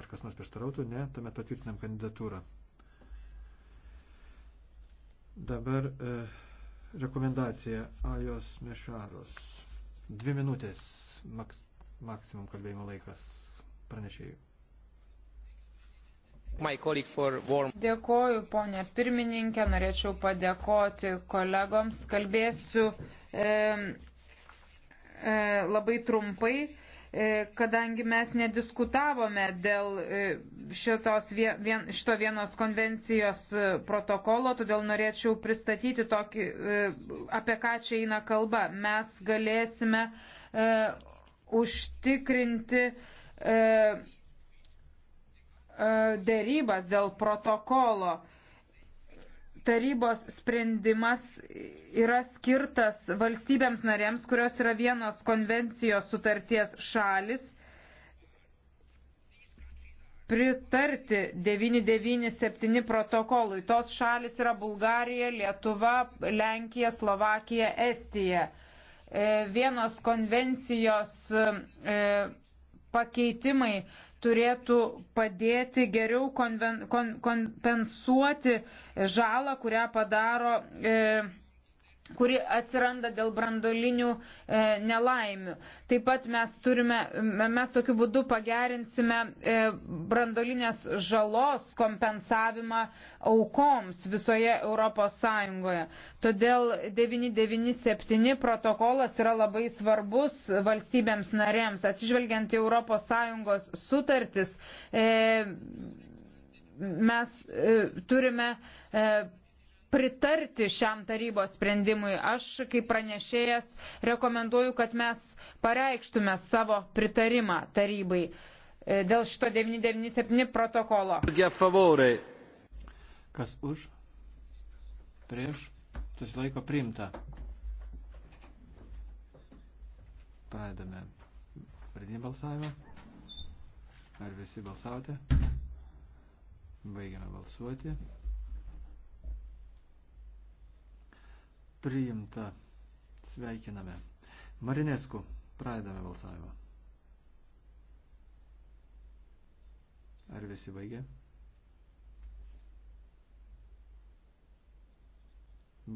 Ar kas nors prieštarautų? Ne, tuomet patvirtinam kandidatūrą. Dabar e, rekomendacija Ajos Mešaros. Dvi minutės mak, maksimum kalbėjimo laikas pranešėjų. Dėkoju, ponė pirmininkė, norėčiau padėkoti kolegoms. Kalbėsiu e, e, labai trumpai. E, E, kadangi mes nediskutavome dėl e, šitos, vien, šito vienos konvencijos e, protokolo, todėl norėčiau pristatyti tokį, apie ką čia eina kalba. Mes galėsime uh, užtikrinti uh, uh, dėrybas dėl protokolo. Uh, tarybos sprendimas yra skirtas valstybėms narėms, kurios yra vienos konvencijos sutarties šalis, pritarti 997 protokolui. Tos šalis yra Bulgarija, Lietuva, Lenkija, Slovakija, Estija. E, vienos konvencijos e, pakeitimai turėtų padėti geriau konven, kon, kompensuoti žalą, kurią padaro. E, kuri atsiranda dėl brandolinių e, nelaimių. Taip pat mes, turime, mes tokiu būdu pagerinsime e, brandolinės žalos kompensavimą aukoms visoje Europos Sąjungoje. Todėl 997 protokolas yra labai svarbus valstybėms narėms. Atsižvelgiant į Europos Sąjungos sutartis, e, mes e, turime e, pritarti šiam tarybos sprendimui. Aš, kaip pranešėjas, rekomenduoju, kad mes pareikštume savo pritarimą tarybai e, dėl šito 997 protokolo. Kas už? Prieš? Susilaiko priimta. Pradedame pradinį balsavimą. Ar visi balsavote? Baigiame balsuoti. priimta. Sveikiname. Marinesku, pradedame balsavimą. Ar visi baigė?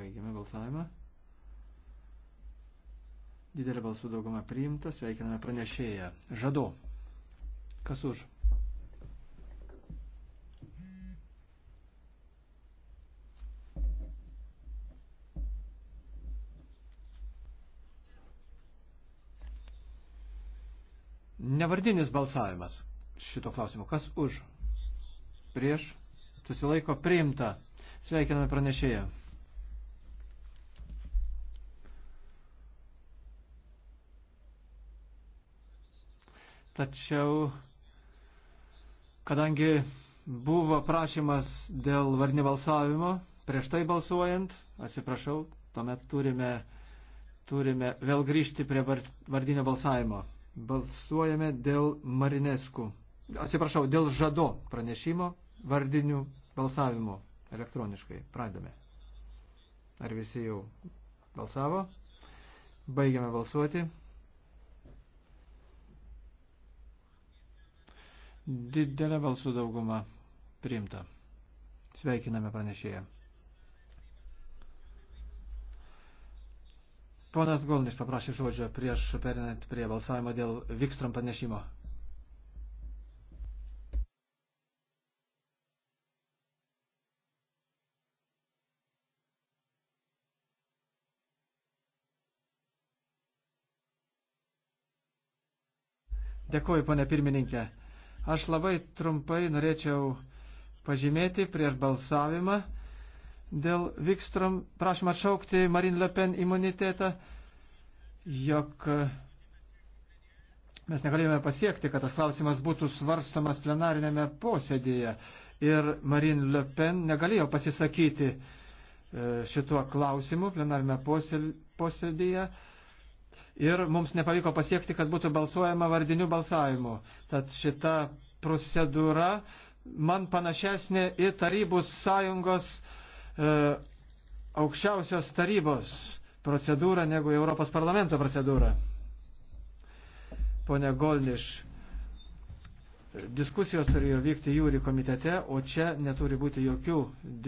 Baigėme balsavimą. Didelė balsų dauguma priimta. Sveikiname pranešėją. Žadu. Kas už? Nevardinis balsavimas šito klausimo. Kas už? Prieš? Susilaiko priimta. Sveikiname pranešėją. Tačiau, kadangi buvo prašymas dėl varnį balsavimo, prieš tai balsuojant, atsiprašau, tuomet turime, turime vėl grįžti prie vardinio balsavimo balsuojame dėl Marineskų. Atsiprašau, dėl žado pranešimo vardinių balsavimo elektroniškai. Pradame. Ar visi jau balsavo? Baigiame balsuoti. Didelė balsų dauguma priimta. Sveikiname pranešėją. Ponas Golnis paprašė žodžio prieš perinant prie balsavimo dėl Vikstrom panešimo. Dėkuoju, ponė pirmininkė. Aš labai trumpai norėčiau pažymėti prieš balsavimą, dėl Vikstrom prašymą atšaukti Marin Le Pen imunitetą, jog mes negalėjome pasiekti, kad tas klausimas būtų svarstomas plenarinėme posėdėje ir Marin Le Pen negalėjo pasisakyti e, šituo klausimu plenarinėme posėdėje ir mums nepavyko pasiekti, kad būtų balsuojama vardiniu balsavimu. Tad šita procedūra man panašesnė į Tarybų sąjungos E, aukščiausios tarybos procedūrą negu Europos parlamento procedūrą. Pone Golniš, diskusijos turėjo vykti jūri komitete, o čia neturi būti jokių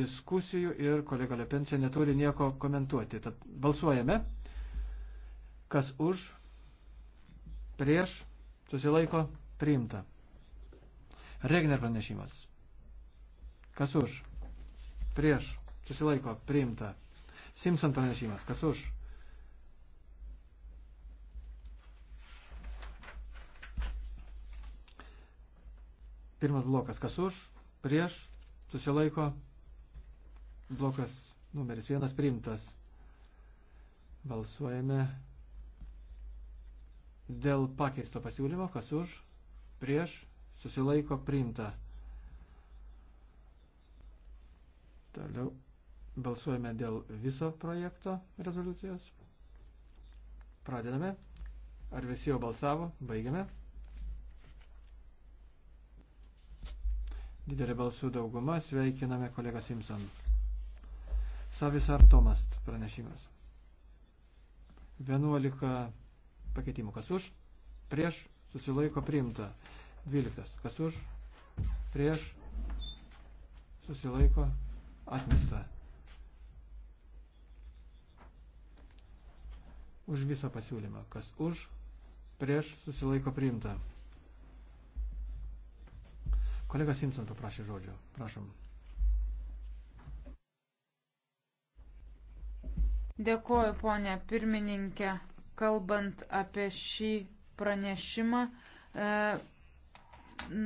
diskusijų ir kolega Lepen čia neturi nieko komentuoti. Tad balsuojame. Kas už, prieš, susilaiko, priimta. Regner pranešimas. Kas už, prieš, susilaiko, priimta. Simpson pranešimas, kas už? Pirmas blokas, kas už, prieš, susilaiko, blokas numeris vienas priimtas. Balsuojame dėl pakeisto pasiūlymo, kas už, prieš, susilaiko, priimta. Toliau Balsuojame dėl viso projekto rezoliucijos. Pradedame. Ar visi jau balsavo? Baigiame. Didelė balsų dauguma. Sveikiname kolegą Simpson. Savisar Tomas pranešimas. 11 pakeitimų. Kas už? Prieš susilaiko priimta. 12. Kas už? Prieš susilaiko atmesta. už visą pasiūlymą. Kas už, prieš, susilaiko priimta. Kolega Simpson paprašė žodžio. Prašom. Dėkuoju, ponė pirmininkė, kalbant apie šį pranešimą. E,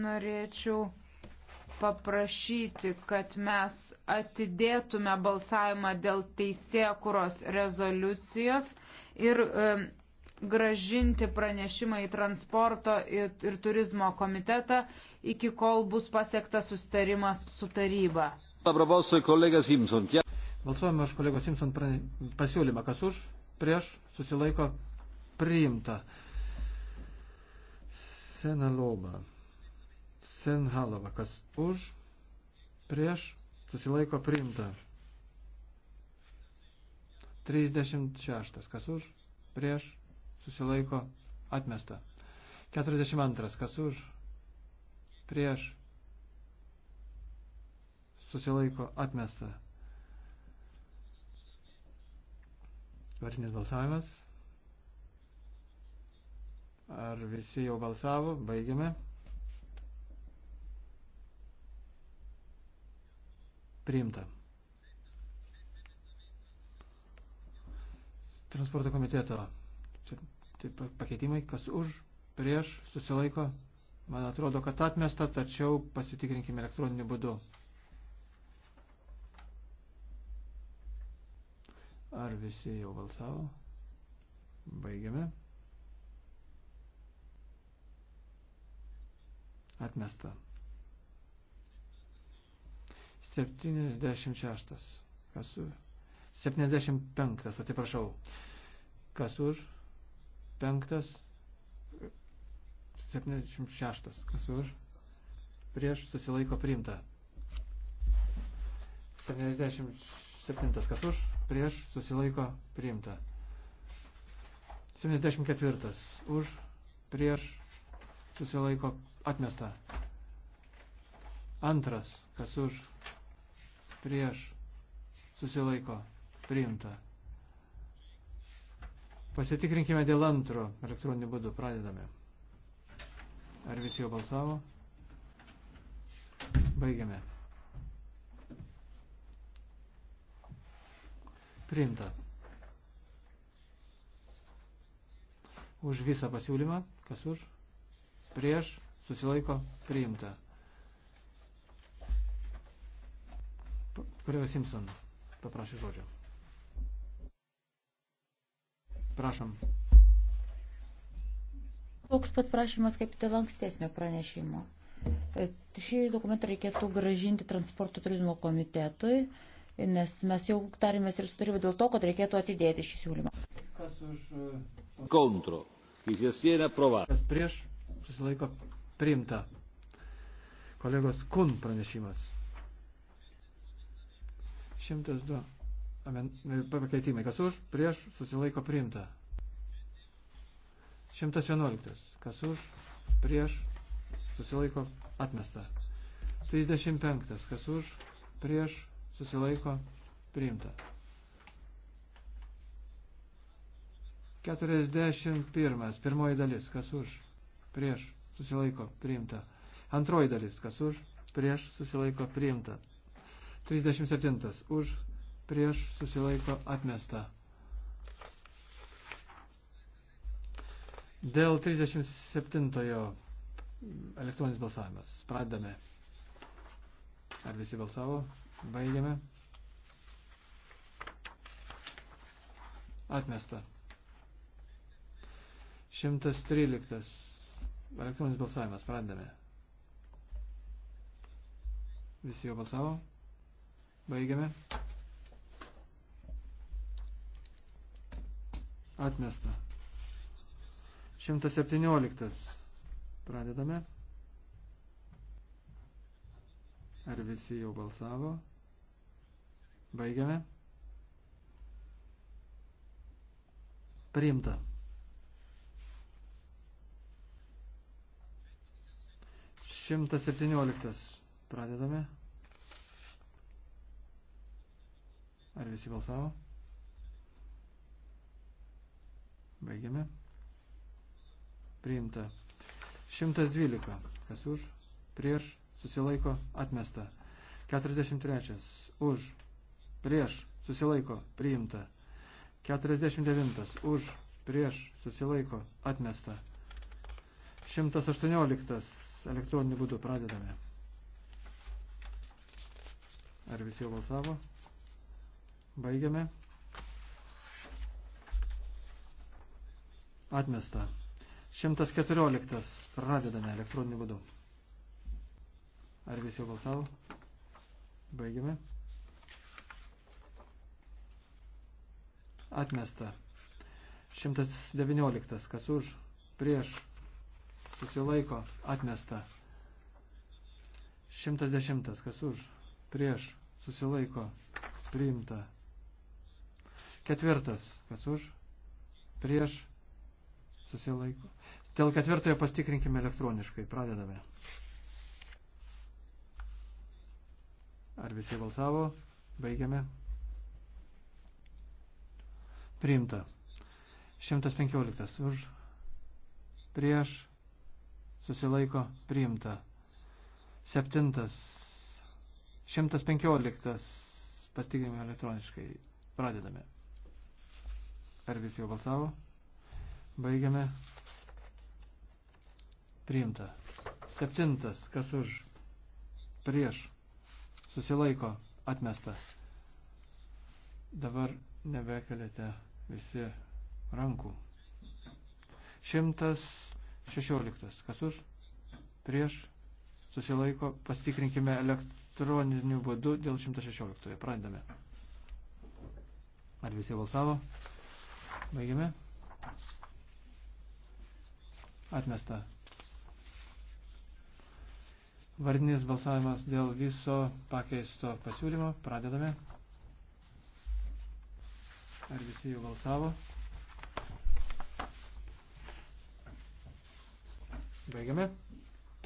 norėčiau paprašyti, kad mes atidėtume balsavimą dėl teisėkuros rezoliucijos ir gražinti pranešimą į transporto ir turizmo komitetą, iki kol bus pasiektas sustarimas su taryba. Balsuojame už kolegos Simpson pasiūlymą, kas už, prieš, susilaiko, priimta. Senaloba. Senhalova, kas už, prieš, susilaiko, priimta. 36. Kas už, prieš, susilaiko, atmesta. 42. Kas už, prieš, susilaiko, atmesta. Vartinis balsavimas. Ar visi jau balsavo? Baigiame. Priimta. transporto komiteto. Čia taip, pakeitimai, kas už, prieš, susilaiko. Man atrodo, kad atmesta, tačiau pasitikrinkime elektroniniu būdu. Ar visi jau balsavo? Baigiame. Atmesta. 76. Kas 75, atsiprašau. Kas už? Penktas. 76. Kas už? Prieš susilaiko priimta. 77. Kas už? Prieš susilaiko priimta. 74. Už? Prieš susilaiko atmesta. Antras. Kas už? Prieš susilaiko priimta. Pasitikrinkime dėl antro elektroninių būdų. Pradedame. Ar visi jau balsavo? Baigiame. Priimta. Už visą pasiūlymą. Kas už? Prieš. Susilaiko. Priimta. Kolega Simpson paprašė žodžio. Prašom. Toks pat prašymas kaip dėl ankstesnio pranešimo. E, šį dokumentą reikėtų gražinti transporto turizmo komitetui, nes mes jau tarėmės ir sutarėme dėl to, kad reikėtų atidėti šį siūlymą. Kas už kontro? E, Jis jas yra prova. Kas prieš susilaiko priimta. Kolegos Kun pranešimas. 102 pakeitimai. Kas už, prieš, susilaiko priimta. 111. Kas už, prieš, susilaiko atmesta. 35. Kas už, prieš, susilaiko priimta. 41. Pirmoji dalis. Kas už, prieš, susilaiko priimta. Antroji dalis. Kas už, prieš, susilaiko priimta. 37. Už, prieš susilaiko atmesta. Dėl 37-ojo elektroninis balsavimas. Pradame. Ar visi balsavo? Baigiame. Atmesta. 113 elektroninis balsavimas. Pradame. Visi jau balsavo? Baigiame. Atmesta. 117. Pradedame. Ar visi jau balsavo? Baigiame. Priimta. Šimtas septynioliktas. Pradedame. Ar visi balsavo? Baigiame. Priimta. 112. Kas už? Prieš. Susilaiko. Atmesta. 43. Už. Prieš. Susilaiko. Priimta. 49. Už. Prieš. Susilaiko. Atmesta. 118. Elektroniniu būdu pradedame. Ar visi jau balsavo? Baigiame. Atmesta. 114. Pradedame elektroniniu būdu. Ar visi jau balsavo? Baigiame. Atmesta. 119. Kas už? Prieš. Susilaiko. Atmesta. 110. Kas už? Prieš. Susilaiko. Priimta. Ketvirtas. Kas už? Prieš susilaiko. Dėl ketvirtojo pastikrinkime elektroniškai. Pradedame. Ar visi balsavo? Baigiame. Priimta. 115 už. Prieš. Susilaiko. Priimta. 7. 115. Pastigrime elektroniškai. Pradedame. Ar visi jau balsavo? Baigiame. Priimta. Septintas. Kas už? Prieš. Susilaiko. Atmesta. Dabar nebekelėte visi rankų. Šimtas šešioliktas. Kas už? Prieš. Susilaiko. Pastikrinkime elektroniniu būdu dėl 116. Pradedame. Ar visi balsavo? Baigiame. Atmesta. Vardinis balsavimas dėl viso pakeisto pasiūlymo. Pradedame. Ar visi jau balsavo? Baigiame.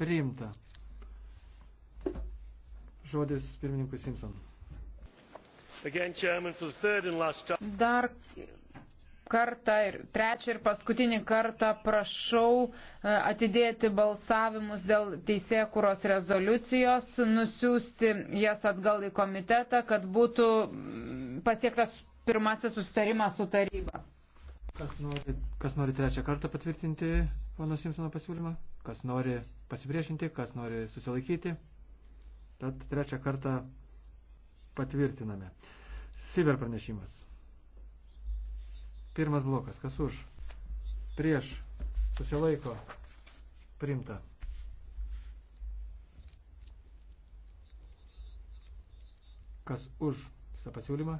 Priimta. Žodis pirmininkui Simpson. Dar kartą ir trečią ir paskutinį kartą prašau e, atidėti balsavimus dėl teisėkuros rezoliucijos, nusiųsti jas atgal į komitetą, kad būtų pasiektas pirmasis sustarimas su taryba. Kas nori, kas nori trečią kartą patvirtinti pono Simpsono pasiūlymą? Kas nori pasipriešinti, kas nori susilaikyti? Tad trečią kartą patvirtiname. Siber pranešimas. Pirmas blokas, kas už, prieš, susilaiko, primta. Kas už visą pasiūlymą,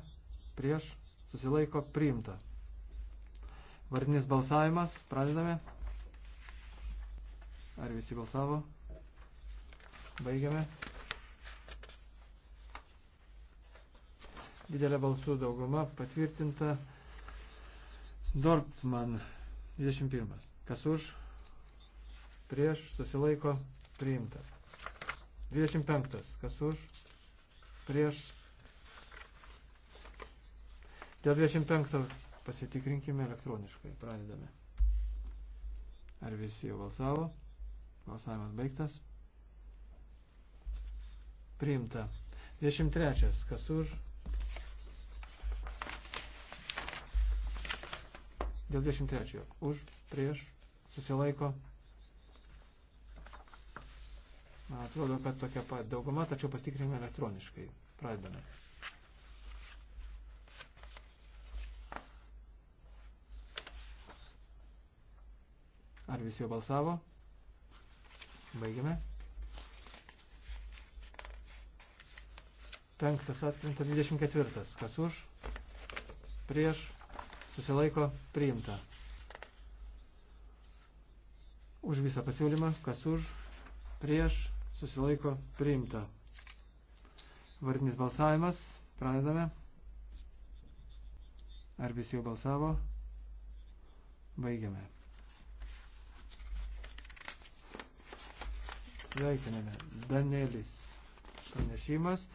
prieš, susilaiko, priimta. Vardinis balsavimas, pradedame. Ar visi balsavo? Baigiame. Didelė balsų dauguma patvirtinta. Dortman 21. Kas už, prieš, susilaiko, priimta. 25. Kas už, prieš. Dėl 25 pasitikrinkime elektroniškai. Pradedame. Ar visi jau balsavo? Balsavimas baigtas. Priimta. 23. Kas už, Dėl 23. Už, prieš, susilaiko. Man atrodo, kad tokia pat dauguma, tačiau pastikrinime elektroniškai. Pradedame. Ar visi jau balsavo? Baigiame. Penktas atkrinta 24. Kas už? Prieš susilaiko priimta. Už visą pasiūlymą, kas už, prieš, susilaiko priimta. Vardinis balsavimas, pradedame. Ar visi jau balsavo? Baigiame. Sveikiname. Danielis pranešimas.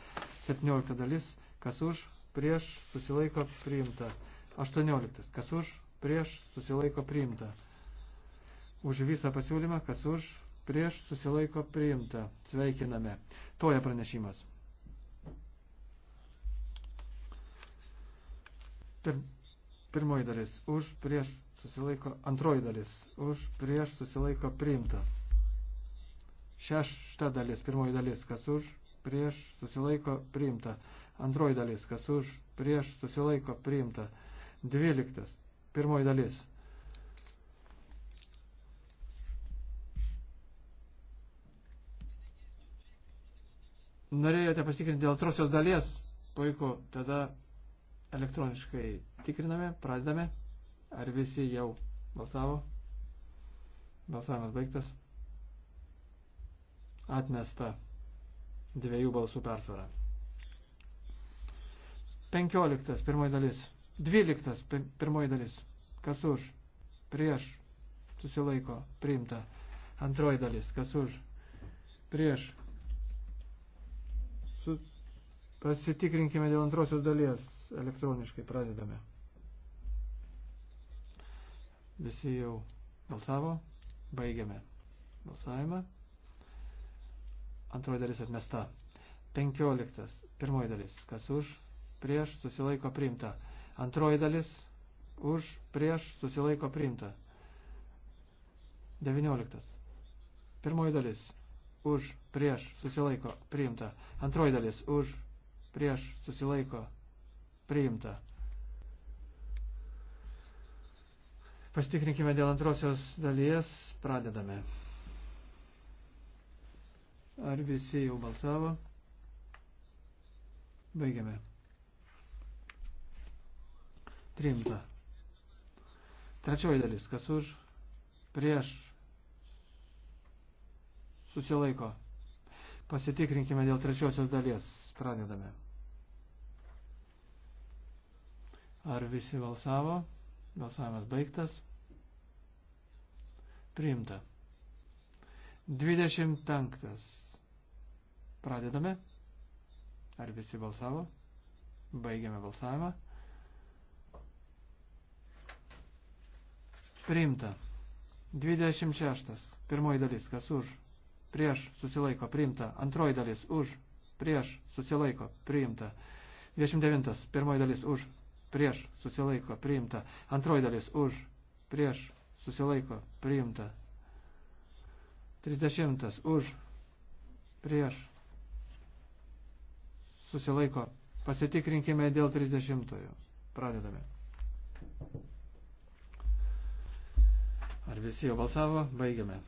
17 dalis, kas už, prieš, susilaiko priimta. 18. Kas už, prieš, susilaiko priimta. Už visą pasiūlymą, kas už, prieš, susilaiko priimta. Sveikiname. Toja pranešimas. Pir, pirmoji dalis. Už, prieš, susilaiko. Antroji dalis. Už, prieš, susilaiko priimta. Šešta dalis. Pirmoji dalis. Kas už, prieš, susilaiko priimta. Antroji dalis. Kas už, prieš, susilaiko priimta. 12. Pirmoji dalis. Norėjote pasitikrinti dėl trosios dalies? Puiku, tada elektroniškai tikriname, pradedame. Ar visi jau balsavo? Balsavimas baigtas. Atmesta dviejų balsų persvara. 15. Pirmoji dalis. Dvyliktas, pirmoji dalis. Kas už, prieš, susilaiko, priimta. Antroji dalis. Kas už, prieš. Su, pasitikrinkime dėl antrosios dalies. Elektroniškai pradedame. Visi jau balsavo. Baigiame balsavimą. Antroji dalis atmesta. Penkioliktas. Pirmoji dalis. Kas už, prieš, susilaiko, priimta. Antroji dalis už, prieš, susilaiko priimta. 19. Pirmoji dalis už, prieš, susilaiko priimta. Antroji dalis už, prieš, susilaiko priimta. Pastikrinkime dėl antrosios dalies, pradedame. Ar visi jau balsavo? Baigiame priimta. Trečioji dalis, kas už, prieš, susilaiko. Pasitikrinkime dėl trečiosios dalies, pradedame. Ar visi balsavo? Balsavimas baigtas. Priimta. 25. Pradedame. Ar visi balsavo? Baigiame balsavimą. Priimta. 26. Pirmoji dalis. Kas už? Prieš susilaiko. Priimta. Antroji dalis. Už. Prieš susilaiko. Priimta. 29. Pirmoji dalis. Už. Prieš susilaiko. Priimta. Antroji dalis. Už. Prieš susilaiko. Priimta. 30. Už. Prieš susilaiko. Pasitikrinkime dėl 30. -ojo. Pradedame. Ar visi jau balsavo? Baigiame.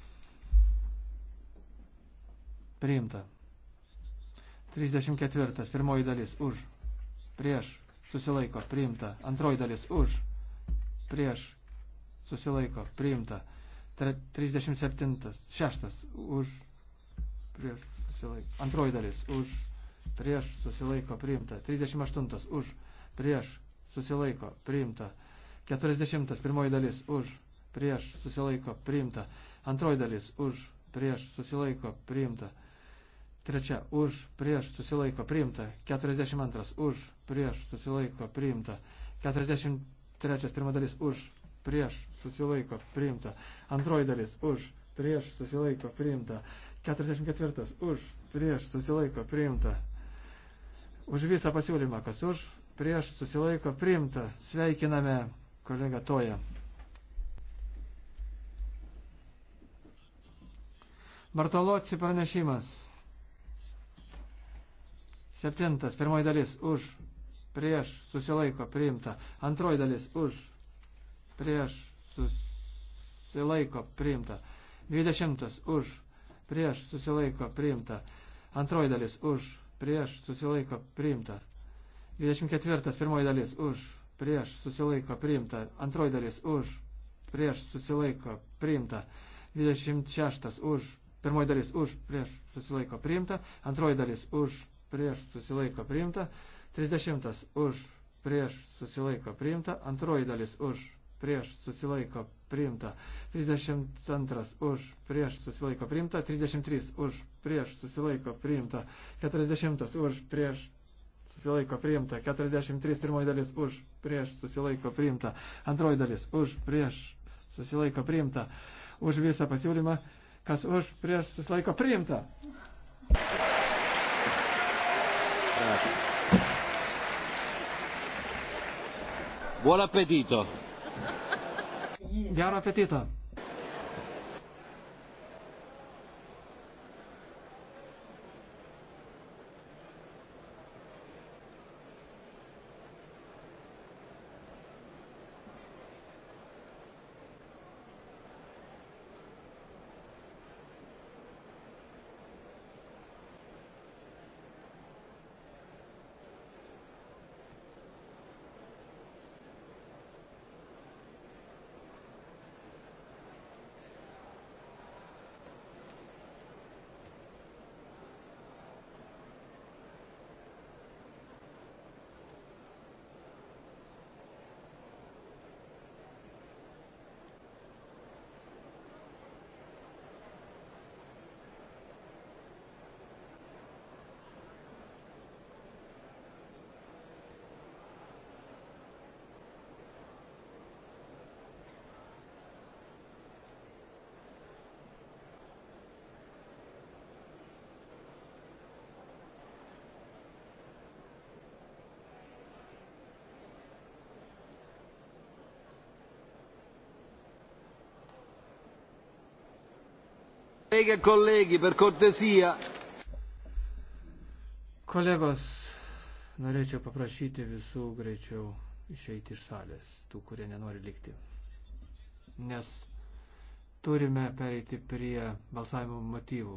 Priimta. 34. Pirmoji dalis už. Prieš. Susilaiko. Priimta. Antroji dalis už. Prieš. Susilaiko. Priimta. 37. Šeštas. Už. Prieš. Susilaiko. Antroji dalis. Už. Prieš. Susilaiko. Priimta. 38. Už. Prieš. Susilaiko. Priimta. 40. Pirmoji dalis. Už prieš susilaiko priimta. Antroji dalis už prieš susilaiko priimta. Trečia už prieš susilaiko priimta. 42 už prieš susilaiko priimta. 43 pirma dalis už prieš susilaiko priimta. Antroji dalis už prieš susilaiko priimta. 44 už prieš susilaiko priimta. Už visą pasiūlymą, kas už prieš susilaiko priimta. Sveikiname kolegą Toją. Bartoloci pranešimas. Septintas, pirmoji dalis už, prieš, susilaiko, priimta. Antroji dalis už, prieš, susilaiko, priimta. Dvidešimtas už, prieš, susilaiko, priimta. Antroji dalis už, prieš, susilaiko, priimta. Dvidešimt ketvirtas, pirmoji dalis už, prieš, susilaiko, priimta. Antroji dalis už, prieš, susilaiko, priimta. Dvidešimt šeštas už, Pirmoji dalis už prieš susilaiko priimta, antroji dalis už prieš susilaiko priimta, 30 už prieš susilaiko priimta, antroji dalis už prieš susilaiko priimta, 32 už prieš susilaiko priimta, 33 už prieš susilaiko priimta, 40 už prieš susilaiko priimta, 43 pirmoji dalis už prieš susilaiko priimta, antroji dalis už prieš susilaiko priimta, už visą pasiūlymą Kas už prieš susilaiko priimta. Buon appetito. Gero appetito. Kolegė, kolegė, per kortesiją. Kolegos, norėčiau paprašyti visų greičiau išeiti iš salės, tų, kurie nenori likti. Nes turime pereiti prie balsavimo motyvų.